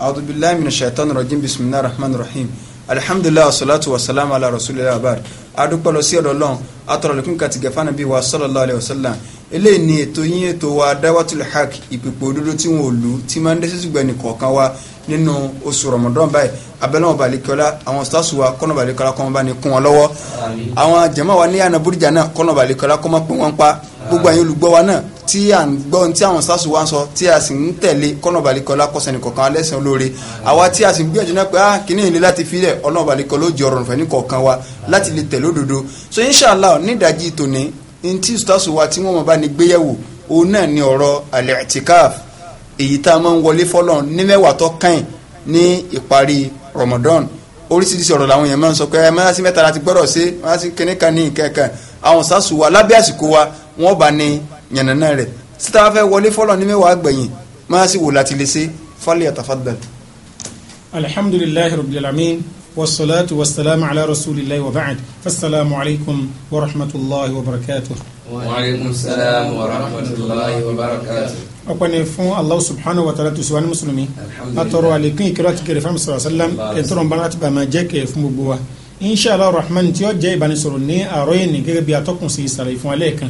أعوذ بالله من الشيطان الرجيم بسم الله الرحمن الرحيم alihamdulilayi wasalaatu wasalaamu ala rasulilayi abari adúpẹ́ lọ sí ọ̀dọ̀ Ọlọ́run atọrọlẹkùn kàti gẹfànà bíi wa sallallahu alayhi wa sallam eléyìí ni ètò yín ètò wa dáwàtúlẹ hak ìpèpè òdodo tí wọn ò lù tí máa ń dé sísú gbẹni kọ̀ọ̀kan wa nínú oṣù Ramadan báyìí abẹ́lẹ́wọ̀n balikọ́lá àwọn stars wa kọ́nà balikọ́lá kọ́ wọn bá ní kún wọn lọ́wọ́ àwọn jama wa ní àná burújà náà kọ́nà balikọ́lá kọ́ máa pín wọn pa gbogbo àyìn olùgbọ́ wa náà tí à ń gbọ́ tí àwọn sars wa ń sọ tí a sì ń tẹ̀lé kọ́nàbàlíkọ́lá kọ́sẹ̀nìkọ̀kan alẹ́sìn olóore àwa tí a sì ń gbìyànjú náà pé ah kìíní ìlú láti fi lẹ̀ ọ̀nàbàlíkọ́ ló jẹ ọ̀rọ̀ nìfẹ́ nìkọ̀ọ̀kan wa láti lè tẹ̀lé òdodo so inshallah nídàájí tòní ní tí sars wa tí wọ́n mọ̀ bá ní gbéyẹ̀wò òun náà ni ọ̀rọ̀ al-i'tikaf èyí tá a máa ń wọlé fọ́lọ́ Ramadan oríṣiríṣi ọ̀rọ̀ làwọn èèyàn máa ń sọ pé ẹ máa sí mẹ́ta láti gbọ́dọ̀ sí máa sí wọ́n bá ní yànnàná rẹ̀ síta fẹ́ wọlé fọlọ́ ní mẹ́wàá gbẹ̀yìn máa sì wò láti lè ṣe fali atafaddal. alhamdulilayi rabbil alamin wasalaatu wasalaamu ala rasulilayi wa ba'd fasalaamu alaykum wa rahmatulahi wa barakatuh. wa aleykum salaam wa rahmatulahi wa barakatuh ọpẹ́ni fún Allahu subhanahu wa ta'ala tusiwani musulumi atọrọ alekun ìkẹrẹ àti kẹrẹ fún musulmi sallam ẹtọrọ nbara àti bàmà jẹ kẹ fún gbogbo wa inshallah rahman tí ó jẹ ìbánisọ̀rọ̀ ní àárọ̀ yìí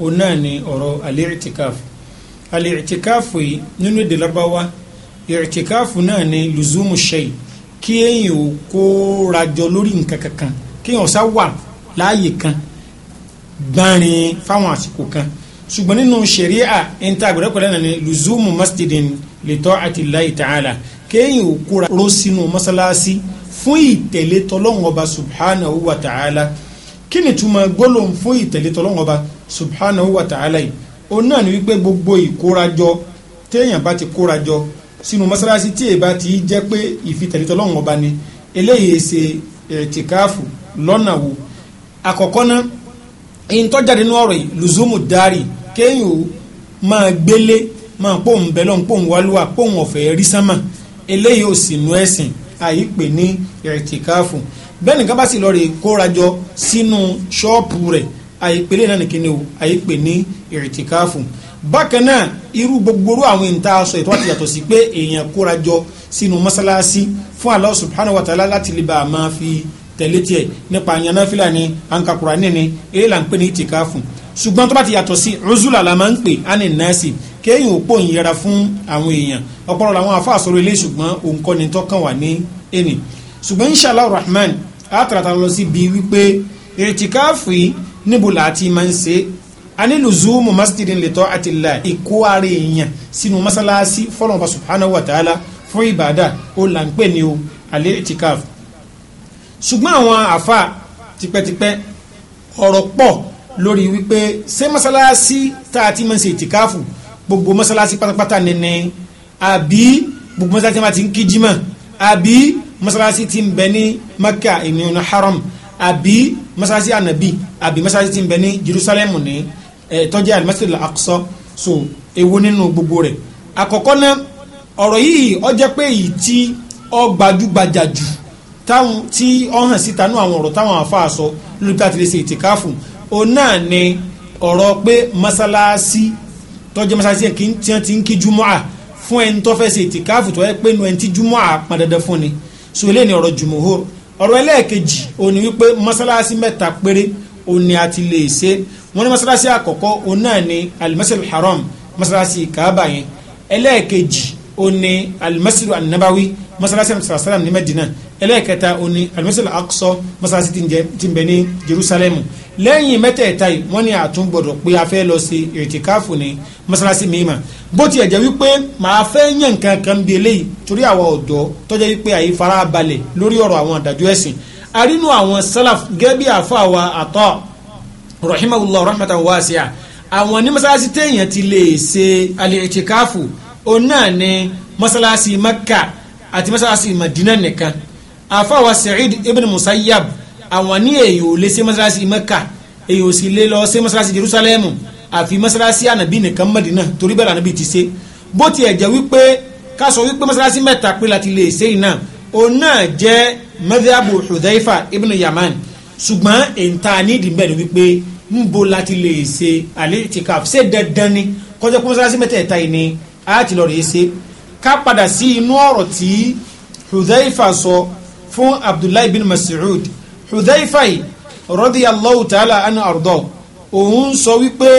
o náà ni ọ̀rọ̀ al-i'tikaf al-i'tikaf yìí nínú èdè Lárúbáwá i'tikaf náà ni luzumu shay kí èèyàn ò kó rajọ lórí nǹkan kankan kí èèyàn sá wà láàyè kan gbọ́nrin fáwọn àsìkò kan ṣùgbọ́n nínú ṣẹ̀ríà ẹ̀ńtà àgbẹ̀rẹ́pẹ̀lẹ́ náà ni luzumu masjidin li ta'ati Allahi ta'ala kéèyàn ò kóra ró sínú fún ìtẹ̀lé subhanahu wa ta'ala kí ni túmọ̀ fún ìtẹ̀lé subhanahu wa ta'ala yìí òun náà ni wípé gbogbo ìkórajọ téèyàn bá ti kórajọ sínú mọ́sálásí tí èèbá ti jẹ́ pé ìfitẹ̀lítọ́ lọ́wọ́n ọba ni eléyìí e ṣe ẹ̀tìkáàfù lọ́nà wo àkọ́kọ́ ná ẹ̀yin tó jáde nínú ọ̀rọ̀ yìí lùzúmù dárì kéèyàn ó máa gbélé máa pòun bẹ́lọ́n pòun wálúwà pòun ọ̀fẹ́ rí sánmà eléyìí ò sì nú ẹ̀sìn àyípè ní ẹ̀tìkáàfù bẹ́ẹ̀ nìkan bá sì rè kórajọ sínú ṣọ́ọ̀pù rẹ̀ àyípele náà nìkíni o àyípe ní ìrìtìkáàfù bákan náà irú gbogbooru àwọn ìta aṣọ ìtọ́ àti yàtọ̀ sí pé èèyàn kóra jọ sínú mọ́sálásí fún Allah subhanahu wa ta'ala láti lè bá a máa fi tẹ̀lé tiẹ̀ nípa àyànnáfìlà ni àǹkàkùrà nìní èyí là ń pè ní ìtìkáàfù ṣùgbọ́n tó bá ti yàtọ̀ sí rúzùlà la máa ń pè á ní nẹ́ẹ̀sì kéèyàn ò pò ń yẹra fún àwọn èèyàn ọ̀pọ̀lọpọ̀ àwọn àfa ilé ṣùgbọ́n òǹkọ́ni tó kàn wà ní ènì ṣùgbọ́n inshallah rahman àtàràtà lọ sí bíi wípé ètìkáàfù yìí níbo làátì máa ń ṣe anilu zuumu masjidin lè tọ́ àti la ìkó ara èèyàn sínú masalasi fọlọ́nba subhanahu wa ta'ala fún ìbàdà ó là ń pè ní o alẹ́ itikaf ṣùgbọ́n àwọn àfa tipẹ́tipẹ́ ọ̀rọ̀ pọ̀ lórí wípé ṣé masalasi tá a ti máa ń gbogbo masalasi pátápátá nìní àbí gbogbo masalasi tí wọ́n ti ń kí jimá masalasi tí ń bẹ ní maka ìmìíràn haram àbí masalasi anabi àbí masalasi tí ń bẹ ní Jerusalem ní tó alimasi al-Aqsa so èwo nínú gbogbo rẹ̀ àkọ́kọ́ náà ọ̀rọ̀ yìí ó jẹ́ pé èyí tí ó gbajúgbajà jù táwọn tí ó hàn síta nú àwọn ọ̀rọ̀ táwọn àfáà sọ lórí tá a ti lè ṣe ìtìkáfù òun náà ni ọ̀rọ̀ pé masalasi tó jẹ́ masalasi kí tiẹ́ ti ń kí jumu'a fún ẹni tó fẹ́ ṣe ìtìkáfù tó yẹ pé nu ẹni tí jumu'a pọn dandan fún ni so eléyìí ni ọ̀rọ̀ jumuhur ọ̀rọ̀ ẹlẹ́ẹ̀kejì òní wípé mọ́sálásí mẹ́ta péré òní àti lè ṣe wọ́n ní mọ́sálásí àkọ́kọ́ òun náà ni alimasal haram mọ́sálásí kaaba yẹn ẹlẹ́ẹ̀kejì oni ní alimasiru anabawi masalasi alayisalaam ní Madina ẹlẹ́ẹ̀kẹta ó ní alimasiru aqsa masalasi tí ń bẹ Jerusalem lẹ́yìn mẹ́tẹ̀ẹ̀ta yìí wọ́n ní àtún gbọ́dọ̀ pé a fẹ́ lọ sí ìtìkáfù ní masalasi mìíràn bó tiẹ̀ jẹ́ wípé màá fẹ́ yàn nǹkan kan bí eléyìí torí àwọn ọ̀dọ́ tọ́jà wípé àyè fara balẹ̀ lórí ọ̀rọ̀ àwọn àdájọ́ ẹ̀sìn arínú àwọn salaf gẹ́gẹ́ bí àfa wa àtọ́ rahimahullah rahmatan àwọn ní masalasi téèyàn ti lè ṣe alẹ́ ìtìkáfù òun náà ni masalasi Makka àti masalasi Madina nìkan àfàwà Sa'id ibn Musayyab àwọn ní èyí ò lè ṣe masalasi Makka èyí ò sì lè lọ ṣe masalasi Jerusalem afi masalasi anabi nìkan Madina torí bẹ́ẹ̀ lànàbí ti ṣe bó tiẹ̀ jẹ́ wípé ká sọ wípé masalasi mẹ́ta pé láti lè ṣe iná òun náà jẹ́ madhabu Hudhaifa ibn Yaman ṣùgbọ́n èyí tá a ní ìdìbẹ́ ni wípé ń bo láti lè ṣe àlè tìkàf ṣe dandan ni kọjá pé masalasi mẹ́tẹ̀ẹ̀ta yìí ni a ti lọ rèé ṣe ká padà sí inú ọ̀rọ̀ tí Hudhaifa sọ fún Abdullahi bin Mas'ud Hudhaifa radiyallahu ta'ala anhu àrùdọ̀ òun sọ wípé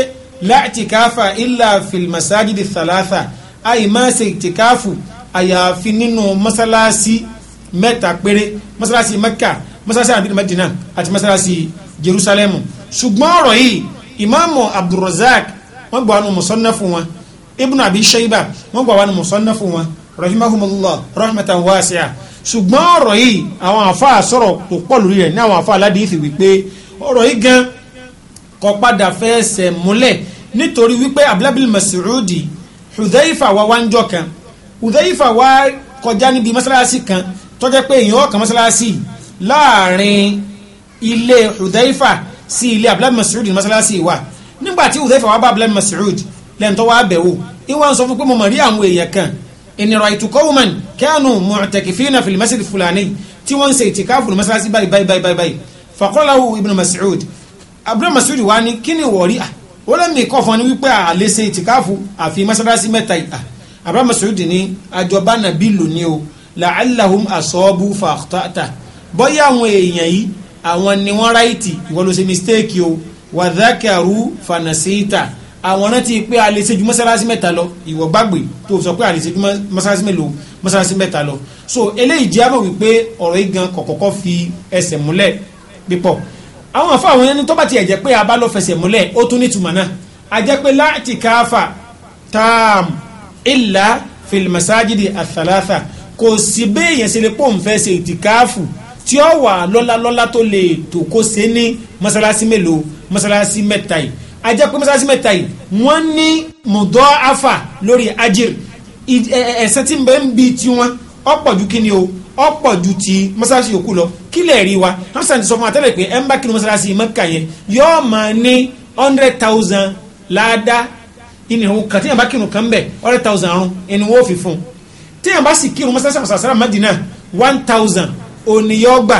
láàtìkáfà ilà fìlmàsájìdì thalatha àyè máa ṣe ìtìkáfù àyàfi nínú mọ́sálásí mẹ́ta péré mọ́sálásí Mẹ́kà mọ́sálásí àbí Madina àti mọ́sálásí Jerusalem ṣùgbọ́n ọ̀rọ̀ yìí ìmáàmù Abdulrazak wọ́n gbọ́ àwọn mùsọ́nà wọn ibn abi shayba wọ́n gbà wá ní musannafu wọn rahimahumullah rahmatan wasi'a ṣùgbọ́n ọ̀rọ̀ yìí àwọn àfáà sọ̀rọ̀ tó pọ̀ lórí rẹ̀ ní àwọn àfáà aládìísì wípé ọ̀rọ̀ yìí gan kò padà fẹsẹ̀ múlẹ̀ nítorí wípé abdulabil mas'udi hudhaifa wa wá ń jọ kan hudhaifa wa kọjá níbi mọ́sálásí kan tó pé èèyàn ọ̀kan mọ́sálásí láàrin ilé hudhaifa sí ilé abdulabil mas'udi mọ́sálásí wa nígbà tí wa bá abdulabil mas'udi lẹ́ńtọ́ wa bẹ̀ wò ìwọ́n sọ fún pé mo mọ̀ rí àwọn èèyàn kan ìnira ìtukọ̀wọ́mọ̀n kẹ́hánù mu'takifina fil masjid fulani tí wọ́n ń ṣe ìtìkáfù ní masalasi báyìí báyìí báyìí báyìí fàkọ́láwù ibn mas'ud abdul mas'ud wa ni kí ni wọ̀ọ́rí à ah, wọ́n lẹ́mí kọ́ fún ni wípé àlẹ́ ṣe ìtìkáfù àfi masalasi mẹ́ta ìta ah, abdul mas'ud ni àjọba nàbí lónìí o la'allahum asọ́bu fàtàtà bọ́yá àwọn èèyàn yìí àwọn ni wọ́n ráìtì ìwọ́n ló ṣe mistake o wàdákàrú fanasita àwọn rántí pé a lè ṣe ju mọ́sálásí mẹ́ta lọ ìwọ gbàgbé tó sọ pé a lè ṣe ju mọ́sálásí mélòó mọ́sálásí mẹ́ta lọ so eléyìí jẹ́ àbọ̀ wípé ọ̀rọ̀ igan kọ̀kọ́kọ́ fi ẹsẹ̀ múlẹ̀ pípọ̀ àwọn àfa àwọn ẹni tó bá tiẹ̀ jẹ́ pé a bá lọ fẹsẹ̀ múlẹ̀ ó tún ní tùmọ̀ náà a jẹ́ pé láti káfà táàm ìlà fìlìmọ̀sájìdì àtàlàfà kò sí béèyàn ṣe lè pọ̀ ajá pé mọ́sálásí mẹ́ta yìí wọ́n ní mùdọ́ afa lórí ajir ẹ̀sẹ̀ tí ń ń bi tiwọn ọ̀pọ̀ ju kí ni o ọ̀pọ̀ ju ti mọ́sálásí yòókù lọ kí lè rí wa hamsan ti sọ fún wa tẹ́lẹ̀ pé ẹ̀ ń bá kí ni mọ́sálásí mẹ́ka yẹn yọ́ọ́ máa ní hundred thousand láàdá ìnìwó kan tí yẹn bá kírun kan bẹ̀ hundred thousand rún ìnìwó fi fún un tí yẹn bá sì kírun mọ́sálásí àmọ́sálásí àmọ́dínà one thousand òníyọ́gbà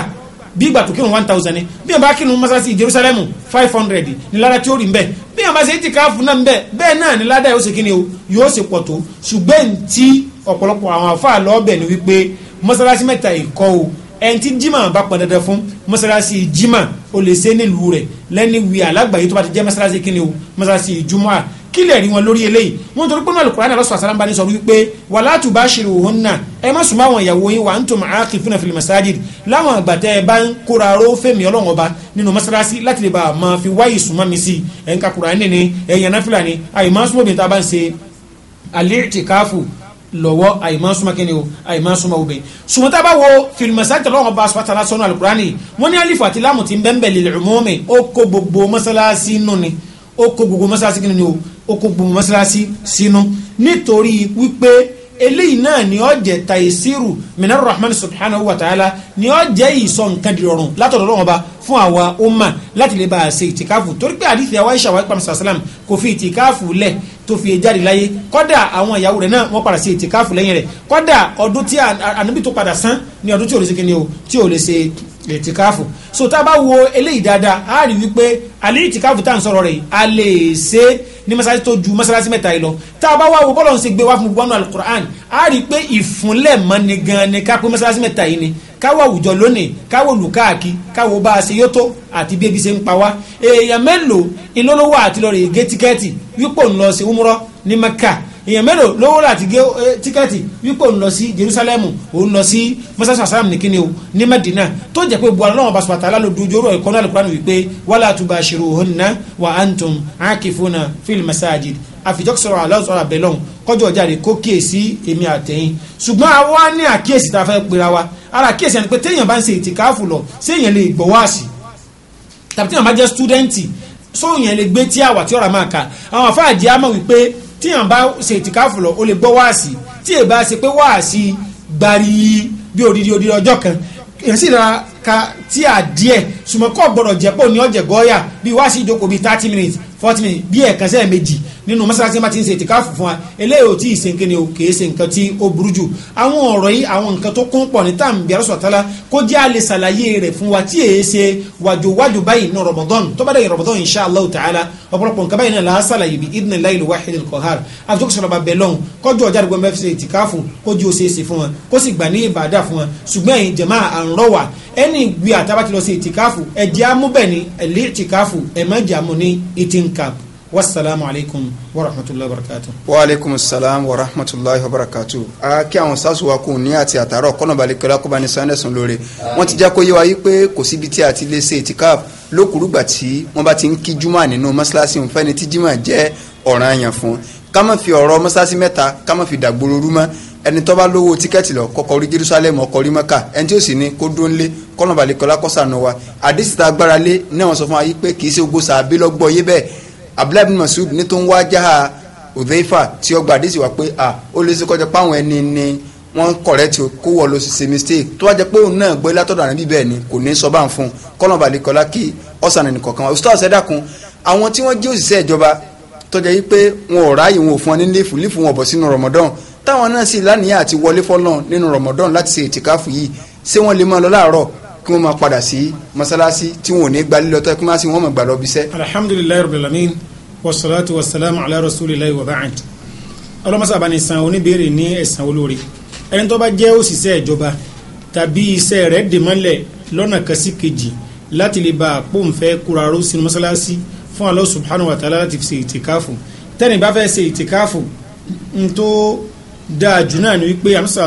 bí ìgbà tó kírun one thousand ni bí wọn bá kírun mọ́sálásí Jerusalem five hundred ní lára tí ó rí nbẹ bí wọn bá ṣe ti káfù náà nbẹ bẹ́ẹ̀ náà ní ládàá yóò ṣe kíni o yóò ṣe pọ̀ tó ṣùgbọ́n tí ọ̀pọ̀lọpọ̀ àwọn àfáà lọ́ọ̀bẹ̀ ni wípé mọ́sálásí mẹ́ta ìkọ́ o ẹni tí jimá bá pọn dandan fún mọ́sálásí jimá o lè ṣe nílùú rẹ̀ lẹ́ni wíyà lágbàáyé tó bá ti jẹ́ mọ́sálásí kíni o mọ́sálásí jumá kílẹ̀ rí wọn lórí eléyìí wọn torí pé náà Al-Qur'an náà lọ́sọ̀ àsálàmbá ní sọ wípé wala tubashiruhunna ẹ má sùn máwọn ìyàwó yín wa antum aakifuna fil masajid láwọn àgbàtẹ́ ẹ bá ń kóra ró fẹ́mi ọlọ́wọ́n ọba nínú mọ́sálásí láti lè bá a máa fi wáyé sùnmọ́ mi sí ẹ̀ ń ka Qur'an ní ẹ̀yàn náà fìlà ni àyè má sùn obìnrin tá a bá ń ṣe al-i'tikafu lọ́wọ́ àìmọ́súnmọ́ kí ni o àìmọ́súnmọ́ obìnrin sùmọ́tà bá wo fìlìmọ̀sá tẹ̀lé ọ̀hún bá aṣọ àtàlà sọ́nù alukurani wọ́n ní alifu àti lámù ti ń bẹ́ńbẹ̀ lè lè mọ́ọ́mì ó kó gbogbo mọ́sálásí nù ni ó kó gbogbo mọ́sálásí kí ni o oko gbogbo mọ́sálásí sínú nítorí wípé eléyìí náà ni ó jẹ́ taisiru minar rahman subhanahu wa ta'ala ni ó jẹ́ ìsọ nǹkan di rọrùn látọ̀dọ̀ lọ́wọ́ ba fún àwa umma láti lè ba ṣe ìtìkáfù torí pé àdìsí àwa ìṣàwá ìpamọ́ sàlám kò fi ìtìkáfù lẹ̀ tó fi e jáde láyé kọ́dà àwọn ìyàwó rẹ̀ náà wọ́n padà ṣe ìtìkáfù lẹ́yìn rẹ̀ kọ́dà ọdún tí ànábì tó padà san ni ọdún tí ò lè ṣe kíni o tí ò lè ṣe ìtìkáfù so tá a bá wo eléyìí dáadáa a rí wípé àlè ìtìkáfù tá à ń sọ̀rọ̀ rẹ̀ a lè ṣe ní masalasi tó ju masalasi mẹ́ta yìí lọ tá a bá wá wo bọ́lá ń ṣe gbé wá fún gbogbo alukur'an a rí pé ìfúnlẹ̀ mọ́ni gan ni ká pé masalasi mẹ́ta yìí ni káwọ àwùjọ lónìí káwọ olùkáàkí káwọ bá a ṣe yótó àti bí ebi ṣe ń pa wá èèyàn mélòó ìlólówó àti èèyàn mélòó lówó láti gé eh, tíkẹ́ẹ̀tì wípé òun lọ sí Jerusalemu òun lọ sí mọ́sáàsì asalamu ní kíni o ní Medina tó jẹ́ pé buhari lọ́wọ́ basuwa tààlà ló dojú ọ̀rọ̀ ìkọ́nà alukurani wípé wala tubashiruhunna wa antum akifuna fil masajid àfijọ́sọ̀rọ̀ aláwọ̀sọ̀rọ̀ àbẹ̀lọ́hùn kọjọ́ jáde kó kíyèsí èmi àtẹ̀yìn ṣùgbọ́n àwa ní àkíyèsí tá a fẹ́ pera wa ara àkíyèsí ẹni pé téèyàn bá ń ṣe ìtìkáàfù lọ séèyàn lè gbọ́ wáàsì tàbí téèyàn bá jẹ́ stúdẹ́ǹtì sóòyàn lè gbé tí àwà tí máa kà àwọn àfáàjì á mọ̀ wípé tí yàn bá ṣe ìtìkáfù lọ o lè gbọ́ wáàsí tí yàn bá ṣe pé wáàsí gbari bí odidi odidi ọjọ́ kan yàn sì ra ka tí a díẹ̀ sùmọ́kọ́ gbọ́dọ̀ jẹ́ pò ní ọ̀jẹ̀ gọ́yà bí wáàsí ìjókòó bíi thirty minutes forty minutes bí ẹ̀ẹ̀kan sẹ́ẹ̀ méjì nínú mọ́sálásí má ti ń ṣe ìtìkáàfù fún wa eléyìí ò tí ì ṣe nǹkan ni o kì í ṣe nǹkan tí ó burú jù àwọn ọ̀rọ̀ yìí àwọn nǹkan tó kún pọ̀ ní tàǹbí arásọ̀tálá kó jẹ́ àlè ṣàlàyé rẹ̀ fún wa tí èé ṣe wàjòwàjò báyìí ní Ramadan tó bá dẹ̀yìn Ramadan insha Allah ta'ala ọ̀pọ̀lọpọ̀ nǹkan báyìí náà la ṣàlàyé bí idina ilayi lu wahid al-qahar àtúntò sọ̀rọ̀ bá bẹ̀lọ́n kọjú ọjà àdúgbò mẹ́fì ṣe ìtìkáàfù kó ju òṣèṣe fún wọn kó sì gbà ní ìbàdà fún wọn ṣùgbọ́n ẹ̀yin jẹ̀má àǹrọ̀ wà ẹni ìgbé àtàbàtì lọ sí ní ìtìǹkàpù wasalaamu alaykum wa rahmatulahi wa barakatu. wa aleykum salaam wa rahmatulahi wa barakatu. a kí àwọn sásù wa kún ní àti àtàrọ kọ́nàbalẹ̀ kẹlẹ́ kó bá ní sanderson lóore wọ́n ti já kó yé wa yí pé kò síbi tí a ti lè ṣe ìtìkáf lókùrúgbà tí wọ́n bá ti ń kí juma nínú mọ́ṣáláṣí òun fẹ́ni tí jimá jẹ́ ọ̀ràn àyàn fún ká má fi ọ̀rọ̀ mọ́ṣáláṣí mẹ́ta ká má fi dàgbòrò rú ẹni tó bá lówó tíkẹ́ẹ̀tì lọ kọ́kọ́ rí Jerusalem ọkọ̀ rí Mẹ́kà ẹni tí ó sì ní kó dó ńlé kọ́nà balẹ̀ kọ́lá kọ́sànù wa àdìsí gbára lé náà sọ fún wa yí pé kì í ṣe gbósà abélọ́gbọ́ yé bẹ́ẹ̀ abdullahi bin masud ní tó ń wá jáha udhaifa tí ó gba àdísì wá pé à ó lè ṣe kọjá páwọn ẹni ni wọ́n kọ̀rẹ́ tí kó wọ́n lọ ṣe mistake tó wá jẹ́ pé òun náà gbé látọ̀dọ̀ àná bíbẹ̀ ni kò ní sọ bá ń fún un kọ́nà balẹ̀ kọ́lá kí ọ̀sán ẹnì kọ̀ọ̀kan wa ustaz ẹ dákun àwọn tí wọ́n jẹ́ òṣìṣẹ́ ìjọba tó jẹ́ wípé wọn ò ráàyè wọn ò fún ọ ní lífù lífù wọn bọ̀ sínú rọmọdán táwọn náà sì lánìyàn àti wọlé fọlọ́n nínú rọmọdán láti ṣe ìtìkáfù yìí ṣé wọ́n lè máa lọ láàárọ̀ kí wọ́n máa padà sí masalasi tí wọ́n ò ní gbalí lọ́tọ́ kí wọ́n máa sí wọ́n máa gbà lọ bisẹ́. alhamdulilayi rabbil alamin wasalaatu wasalaamu ala rasulilayi wa ba'd ọlọmọsá bá ní san oníbèrè ní ẹ̀san olóore ẹni tó bá jẹ́ òṣìṣẹ́ ìjọba tàbí iṣẹ́ rẹ̀ dèmọ́lẹ̀ lọ́nà kan sí kejì láti lè bá àpòǹfẹ́ kúraró sínú masalasi fún Allah subhanahu wa ta'ala láti fi ṣe ìtìkáfù tẹ́ni bá fẹ́ ṣe ìtìkáfù n tó dáa jù náà ni wípé amusa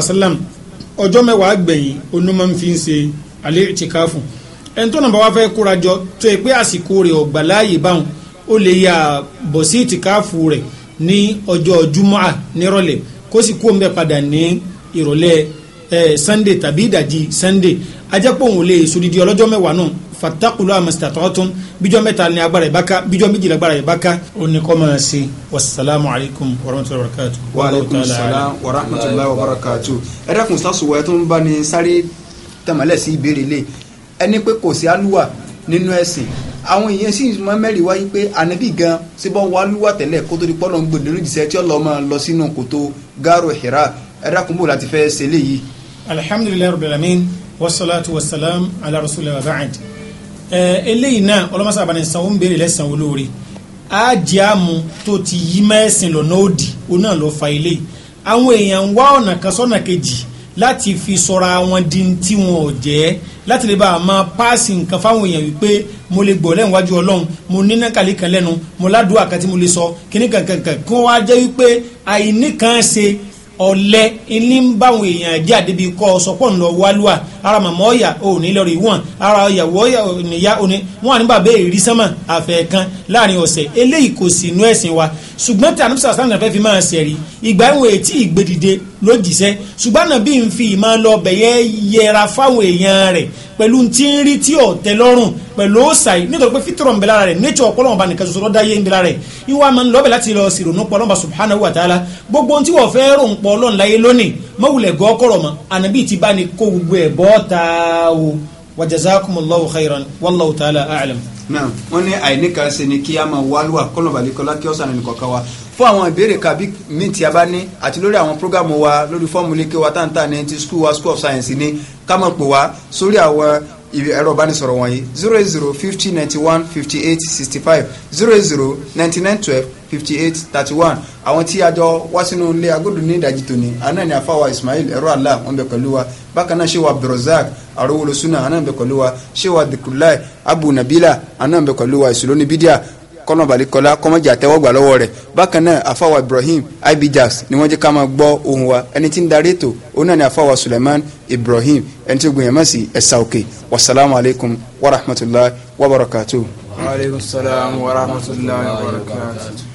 ọjọ́ mẹ́wàá gbẹ̀yìn onú fi ń ṣe alẹ́ ìtìkáfù ẹni tó nàbà wá fẹ́ kóra jọ tó yẹ pé àsìkò rẹ̀ ọ̀gbà láàyè báwọn ó lè yà bọ̀ sí ìtìkáfù rẹ̀ ní ọjọ́ jumu'a nírọ̀lẹ́ kó sì kú òun padà ní ìrọ̀lẹ́ sunday tàbí ìdajì sunday ajẹ́pọ̀ òun lè sòdìdí ọlọ́jọ́ mẹ́wàá náà fatakulu amasitatọ́tún bíjọ́ mẹ́ta ni agbára ìbáka bíjọ́ méjìlá agbára ìbáka oníkọ́ máa ṣe wasalaamu alaykum wa rahmatulahi wa barakatu. wa aleykum salaam wa rahmatulahi wa barakatu. ẹ dẹ́kun sásùwẹ̀ tó ń bá ní sáré tẹ̀mọ́lẹ̀ sí ìbéèrè lé ẹni pé kò sí alúwà nínú ẹ̀sìn àwọn èèyàn sì máa mẹ́rin wáyé pé ànábì gan ṣé bọ́n wá alúwà tẹ́lẹ̀ kó tó di pọ́lọ́ ń gbè lórí ìṣẹ́ tí ó lọ máa lọ sínú kòtò garo hira ẹ̀rá kúnbó láti fẹ́ ṣe léyìí. alhamdulilayi rabbil alamin wasalaatu wasalaam ala rasulillah wa ba'd eléyìí náà ọlọ́mọṣẹ́ àbáni sanwó ń béèrè lẹ́sàn-án olóore ájàmù tó ti yí mẹ́sìn lọ́nà òdì òun náà lọ́ọ́ fa eléyìí àwọn èèyàn ń wá ọ̀nà kan sọ́nà kejì láti fi sọra wọn di tí wọn ò jẹ́ láti lè bá a máa páàsì nǹkan fáwọn èèyàn wípé mo lè gbọ́ lẹ́yìn wájú ọlọ́run mo ní nàkàlẹ́ kan lẹ́nu mo ládùúgbò àkàtì mo lè sọ kíní kankankan kí wọ́n wá jẹ́ wípé àìní kan ṣe ọ̀lẹ́ ilé ń báwọn èèyàn jẹ́ àdébí kọ́ sọpọ̀ ńlọ wálúwà ara màmá ọ̀yà òní lọ́rọ̀ ìwọ̀n ara ọ̀yà wọ́ọ̀yà òníyá òní wọn àní bàbá èrí sánmà àfẹ̀ẹ̀kan láàrin ọ̀sẹ̀ eléyìí kò sí inú ẹ̀sìn wa ṣùgbọ́n tí anamisa sanu fẹ́ fi máa ṣẹ̀rí ìgbà ìwọ̀n etí ìgbèdìde ló jìṣẹ́ ṣùgbọ́n ànábì ń fi ìmọ̀ lọ bẹ̀yẹ yẹra fáwọn èèyàn rẹ̀ pẹ̀lú tí ń rí tí ọ̀tẹ lọ́rùn pẹ̀lú òsàì nítorí pé fítọ̀rọ̀ ń bẹ lára rẹ̀ nature ọpọlọ ọba nìkan ṣoṣo lọ́dá yé ń bẹ lára rẹ̀ ìwà máa ń lọ́bẹ̀ láti lọ sí ìrònú pọlọ́mà subhanahu wa ta'ala gbogbo ohun tí wọ́n fẹ́ rò ń pọ̀ ọlọ́run láyé lónìí mọ́wùlẹ̀ gọ́ kọ̀rọ̀ mọ́ ànábì ti bá ní kó gbogbo ẹ̀ bọ́ ta o wa jazakumullahu khairan wallahu ta'ala a'lam. náà wọ́n ní àìní kan ṣe ni kí a máa wá lúwà kọ́nà balẹ̀kọ́lá kí ọ̀sán ẹnì kọ̀ọ̀kan wa fún àwọn ìbéèrè kàbí mi tí a bá ní àti lórí àwọn prógámù wa lórí fọ́ọ̀mù lékè wa táǹtà ní ti school wa school of science ní ká máa pè wá sórí àwọn ẹ̀rọ ìbánisọ̀rọ̀ wọ̀nyí zero eight zero fifty ninety one fifty eight sixty five zero eight zero ninety nine twelve fifty eight thirty one àwọn tí a jọ wá sínú ilé agudu ní ìdajì tòní àná ni àfàwà ismail ẹ̀rọ àlá wọn bẹ pẹ̀lú wa bákan náà ṣé wa abdulrozak arówolo suna àná bẹ pẹ̀lú wa ṣé wa dikulai abu nabila àná bẹ pẹ̀lú wa ìṣòlóní bídíà kọ́nà balikọ́lá kọ́mọ́jà tẹ́wọ́gbà lọ́wọ́ rẹ̀ bákan náà àfàwà ibrahim ibjax ni wọ́n jẹ́ ká máa gbọ́ ohùn wa ẹni tí ń darí ètò òun náà ni àfàwà suleiman ibrahim ẹni tí ó gbìyànjú sí ẹ̀sà òkè wasalaamu alaykum wa rahmatulahi wa barakatuh. wa aleykum salaam wa rahmatulahi wa barakatuh.